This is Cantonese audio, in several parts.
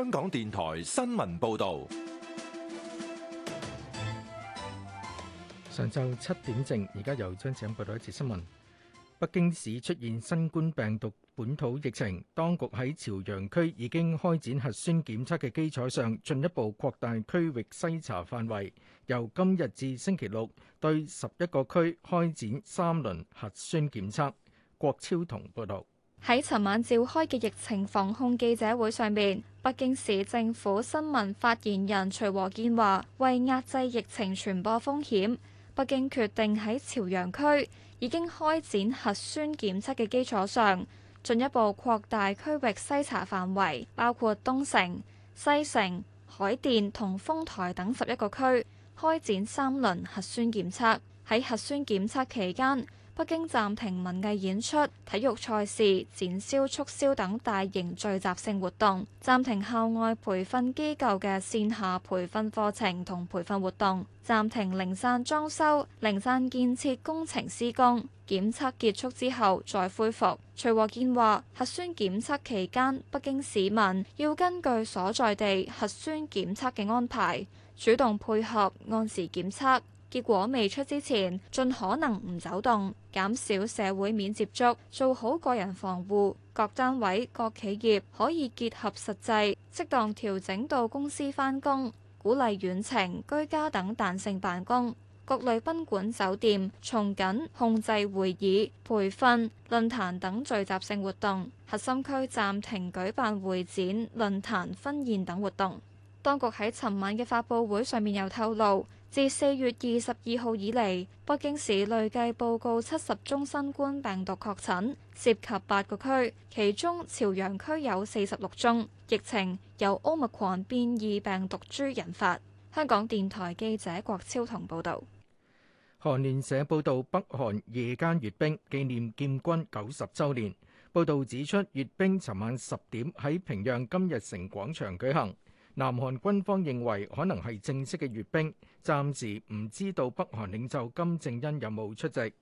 香港電台新聞報道，上晝七點正，而家由張子欣報道一節新聞。北京市出現新冠病毒本土疫情，當局喺朝陽區已經開展核酸檢測嘅基礎上，進一步擴大區域篩查範圍，由今日至星期六對十一個區開展三輪核酸檢測。郭超同報道。喺尋晚召開嘅疫情防控記者會上面，北京市政府新聞發言人徐和建話：為壓制疫情傳播風險，北京決定喺朝陽區已經開展核酸檢測嘅基礎上，進一步擴大區域篩查範圍，包括東城、西城、海淀同豐台等十一個區，開展三輪核酸檢測。喺核酸檢測期間，北京暫停文藝演出、體育賽事、展銷促銷等大型聚集性活動，暫停校外培訓機構嘅綫下培訓課程同培訓活動，暫停零散裝修、零散建設工程施工。檢測結束之後再恢復。徐和建話：核酸檢測期間，北京市民要根據所在地核酸檢測嘅安排，主動配合，按時檢測。結果未出之前，盡可能唔走動，減少社會面接觸，做好個人防護。各單位、各企業可以結合實際，適當調整到公司返工，鼓勵遠程、居家等彈性辦公。各類賓館、酒店從緊控制會議、培訓、論壇等聚集性活動。核心區暫停舉辦會展、論壇、婚宴等活動。當局喺尋晚嘅發佈會上面又透露。自四月二十二號以嚟，北京市累計報告七十宗新冠病毒確診，涉及八個區，其中朝陽區有四十六宗。疫情由奧密克戎變異病毒株引發。香港電台記者郭超彤報導。韓聯社報導北韓夜間閱兵紀念建軍九十週年。報導指出，閱兵尋晚十點喺平壤金日成廣場舉行。南韓軍方認為可能係正式嘅閱兵，暫時唔知道北韓領袖金正恩有冇出席。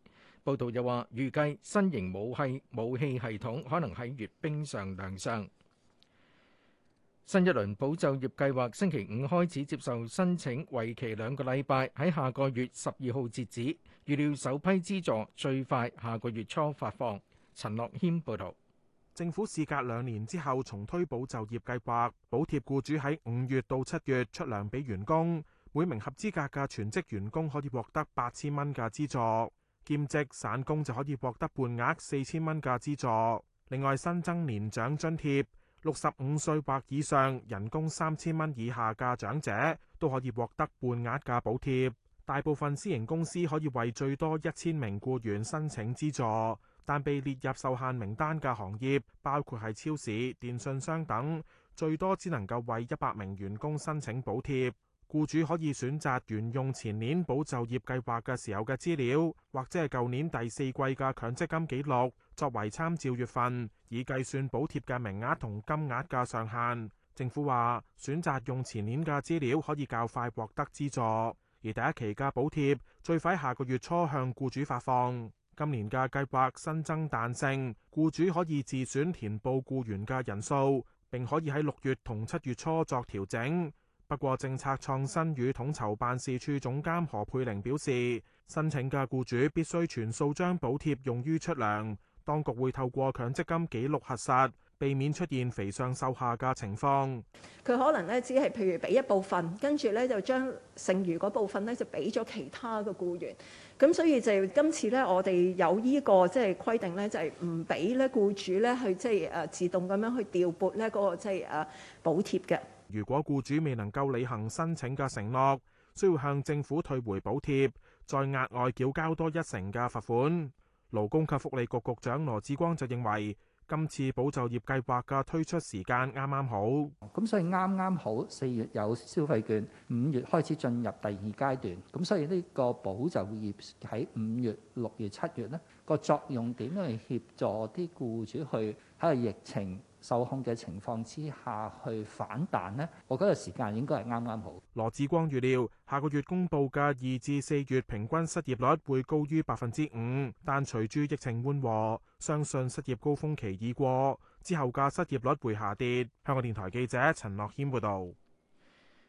報道又話預計新型武器武器系統可能喺閱兵上亮相。新一輪保就業計劃星期五開始接受申請，為期兩個禮拜，喺下個月十二號截止。預料首批資助最快下個月初發放。陳樂軒報導。政府事隔兩年之後重推保就業計劃，補貼雇主喺五月到七月出糧俾員工，每名合資格嘅全職員工可以獲得八千蚊嘅資助，兼職散工就可以獲得半額四千蚊嘅資助。另外新增年長津貼，六十五歲或以上人工三千蚊以下嘅長者都可以獲得半額嘅補貼。大部分私營公司可以為最多一千名雇員申請資助。但被列入受限名單嘅行業包括係超市、電訊商等，最多只能夠為一百名員工申請補貼。僱主可以選擇沿用前年保就業計劃嘅時候嘅資料，或者係舊年第四季嘅強積金記錄作為參照月份，以計算補貼嘅名額同金額嘅上限。政府話選擇用前年嘅資料可以較快獲得資助，而第一期嘅補貼最快下個月初向僱主發放。今年嘅計劃新增彈性，僱主可以自選填報僱員嘅人數，並可以喺六月同七月初作調整。不過，政策創新與統籌辦事處總監何佩玲表示，申請嘅僱主必須全數將補貼用於出糧，當局會透過強積金記錄核實。避免出現肥上瘦下嘅情況，佢可能咧只係譬如俾一部分，跟住咧就將剩餘嗰部分咧就俾咗其他嘅僱員，咁所以就今次咧我哋有呢個即係規定咧就係唔俾咧僱主咧去即係誒自動咁樣去調撥咧嗰個即係誒補貼嘅。如果僱主未能夠履行申請嘅承諾，需要向政府退回補貼，再額外繳交多一成嘅罰款。勞工及福利局局局長羅致光就認為。今次保就業計劃嘅推出時間啱啱好，咁所以啱啱好四月有消費券，五月開始進入第二階段，咁所以呢個保就業喺五月、六月、七月呢個作用點樣去協助啲僱主去喺疫情受控嘅情況之下去反彈呢？我覺得時間應該係啱啱好。羅志光預料下個月公布嘅二至四月平均失業率會高於百分之五，但隨住疫情緩和。相信失業高峰期已過，之後嘅失業率會下跌。香港電台記者陳樂謙報道。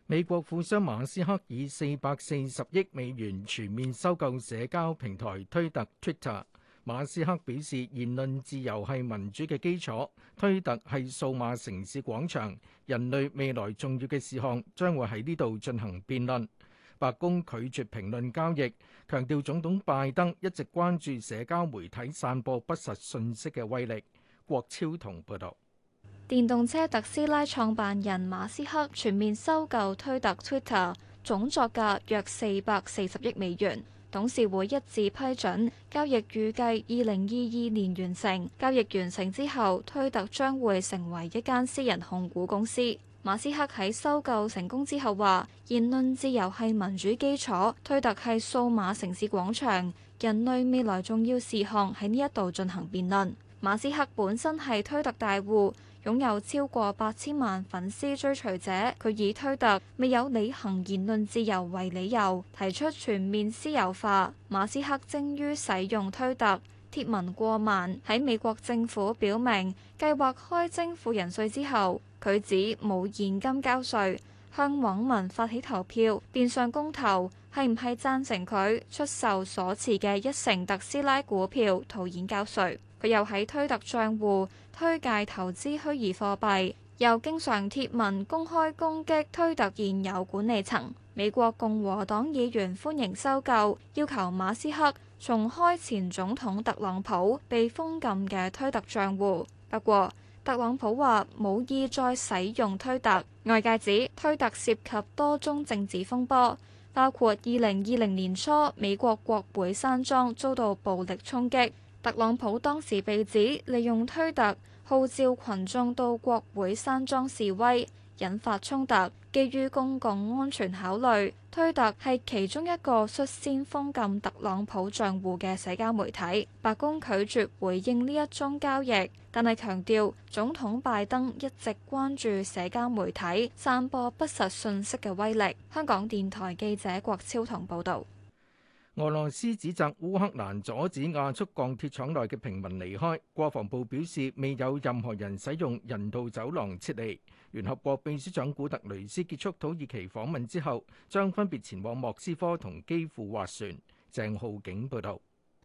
美國富商馬斯克以四百四十億美元全面收購社交平台推特 （Twitter）。馬斯克表示，言論自由係民主嘅基礎，推特係數碼城市廣場，人類未來重要嘅事項將會喺呢度進行辯論。白宮拒絕評論交易，強調總統拜登一直關注社交媒體散播不實信息嘅威力。郭超同報道：電動車特斯拉創辦人馬斯克全面收購推特 （Twitter），總作價約四百四十億美元，董事會一致批准交易，預計二零二二年完成。交易完成之後，推特將會成為一間私人控股公司。馬斯克喺收購成功之後話，言論自由係民主基礎，推特係數碼城市廣場，人類未來重要事項喺呢一度進行辯論。馬斯克本身係推特大戶，擁有超過八千萬粉絲追隨者。佢以推特未有履行言論自由為理由，提出全面私有化。馬斯克精於使用推特。貼文過萬，喺美國政府表明計劃開徵富人稅之後，佢指冇現金交稅，向網民發起投票，變相公投係唔係贊成佢出售所持嘅一成特斯拉股票套現交稅。佢又喺推特賬戶推介投資虛擬貨幣，又經常貼文公開攻擊推特現有管理層。美國共和黨議員歡迎收購，要求馬斯克重開前總統特朗普被封禁嘅推特賬戶，不過特朗普話冇意再使用推特。外界指推特涉及多宗政治風波，包括二零二零年初美國國會山莊遭到暴力衝擊，特朗普當時被指利用推特號召群眾到國會山莊示威，引發衝突。基於公共安全考慮，推特係其中一個率先封禁特朗普賬戶嘅社交媒體，白宮拒絕回應呢一宗交易，但係強調總統拜登一直關注社交媒體散播不實信息嘅威力。香港電台記者郭超棠報道。俄羅斯指責烏克蘭阻止亞速鋼鐵廠內嘅平民離開。國防部表示未有任何人使用人道走廊撤離。聯合國秘書長古特雷斯結束土耳其訪問之後，將分別前往莫斯科同基輔劃船。鄭浩景報導。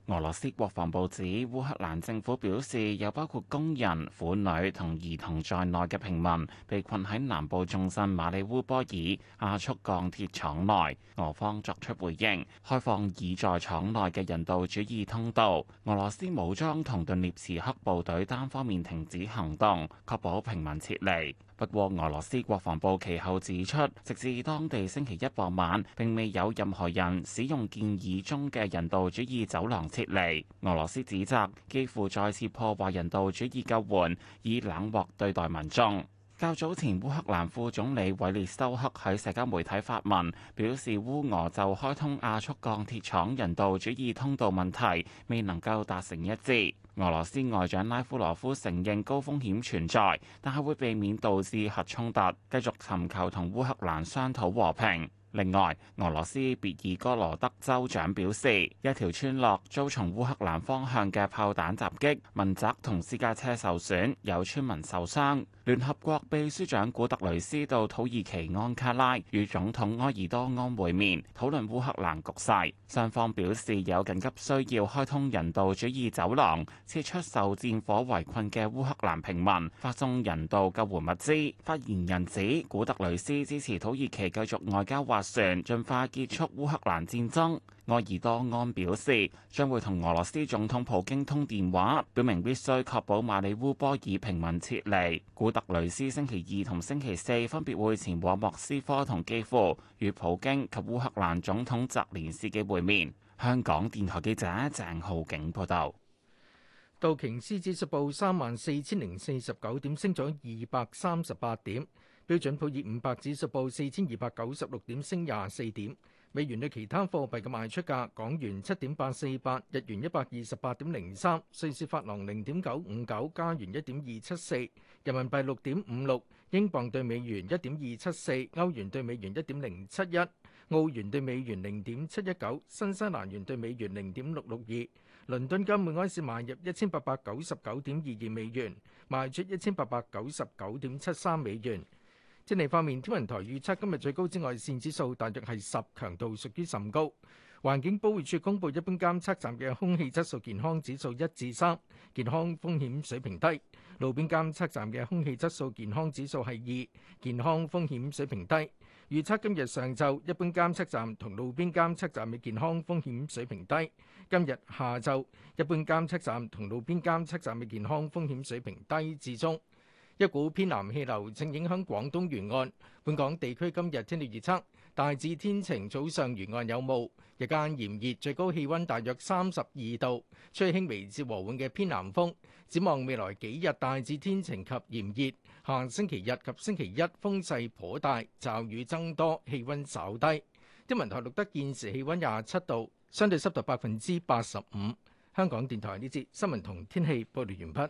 俄羅斯國防部指，烏克蘭政府表示有包括工人、婦女同兒童在內嘅平民被困喺南部重鎮馬里烏波爾亞速鋼鐵廠內。俄方作出回應，開放已在廠內嘅人道主義通道。俄羅斯武裝同頓涅茨克部隊單方面停止行動，確保平民撤離。不過，俄羅斯國防部其後指出，直至當地星期一傍晚，並未有任何人使用建議中嘅人道主義走廊撤離。俄羅斯指責幾乎再次破壞人道主義救援，以冷漠對待民眾。較早前，烏克蘭副總理韋列修克喺社交媒體發文，表示烏俄就開通亞速鋼鐵廠人道主義通道問題未能夠達成一致。俄羅斯外長拉夫羅夫承認高風險存在，但係會避免導致核衝突，繼續尋求同烏克蘭商討和平。另外，俄羅斯別爾哥羅德州長表示，一條村落遭從烏克蘭方向嘅炮彈襲擊，民宅同私家車受損，有村民受傷。聯合國秘書長古特雷斯到土耳其安卡拉與總統埃爾多安會面，討論烏克蘭局勢。雙方表示有緊急需要開通人道主義走廊，撤出受戰火圍困嘅烏克蘭平民，發送人道救援物資。發言人指，古特雷斯支持土耳其繼續外交斡旋，儘快結束烏克蘭戰爭。愛爾多安表示，將會同俄羅斯總統普京通電話，表明必須確保馬里烏波爾平民撤離。古特雷斯星期二同星期四分別會前往莫斯科同基輔，與普京及烏克蘭總統澤連斯基會面。香港電台記者鄭浩景報道。道瓊斯指數報三萬四千零四十九點，4，點升咗二百三十八點。標準普爾五百指數報四千二百九十六點，升廿四點。美元對其他貨幣嘅賣出價：港元七點八四八，日元一百二十八點零三，瑞士法郎零點九五九，加元一點二七四，人民幣六點五六，英鎊對美元一點二七四，歐元對美元一點零七一，澳元對美元零點七一九，新西蘭元對美元零點六六二。倫敦金每盎司賣入一千八百九十九點二二美元，賣出一千八百九十九點七三美元。天氣方面，天文台預測今日最高紫外線指數大約係十，強度屬於甚高。環境保護署公布，一般監測站嘅空氣質素健康指數一至三，健康風險水平低；路邊監測站嘅空氣質素健康指數係二，健康風險水平低。預測今日上晝，一般監測站同路邊監測站嘅健康風險水平低；今日下晝，一般監測站同路邊監測站嘅健康風險水平低至中。一股偏南氣流正影響廣東沿岸，本港地區今日天氣預測大致天晴，早上沿岸有霧，日間炎熱，最高氣温大約三十二度，吹輕微至和緩嘅偏南風。展望未來幾日大致天晴及炎熱，下星期日及星期一風勢頗大，驟雨增多，氣温稍低。天文台錄得現時氣温廿七度，相對濕度百分之八十五。香港電台呢節新聞同天氣報道完畢。